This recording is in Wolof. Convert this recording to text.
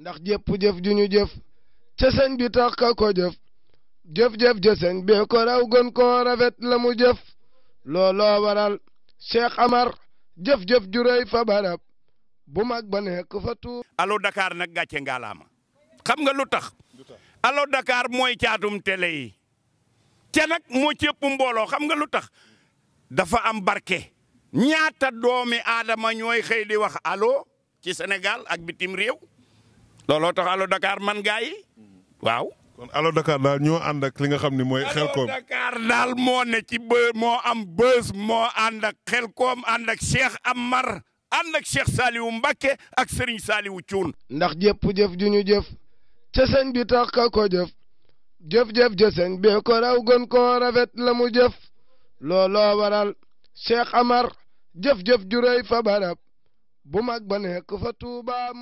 ndax jëpp jëf ju ñu jëf ca sëñ bi tax ka ko jëf jëf-jëf ja sëñ bee ko raw gën koo rafet la mu jëf looloo waral Cheikh Amar jëf-jëf ju fa barab bu mag ba nekk fa tuur allo Dakar nag gàcce ngaalaama xam nga lu tax allo Dakar mooy caatum télé yi ca nag moo cëpp mbooloo xam nga lu tax dafa am barke ñaata doomi aadama ñooy xëy di wax allo ci Sénégal ak bitim réew loo looloo tax allo Dakar man gaa yi waaw. kon allo Dakar daal ñoo ànd ak li nga xam ni mooy. xelkoom allo Dakar daal moo ne ci bë moo am bës moo ànd ak xelkoom ànd ak Cheikh Amar ànd ak Cheikh Saliou Mbacké ak Serigne Saliou Thioune. ndax jëpp jëf ju ñu jëf ca bi tax ka ko jëf jëf-jëf ja sëñ ko raw gën koo rafet la mu jëf looloo waral Cheikh Amar jëf-jëf ju fa barab bu mag ba nekk fa Tuubaa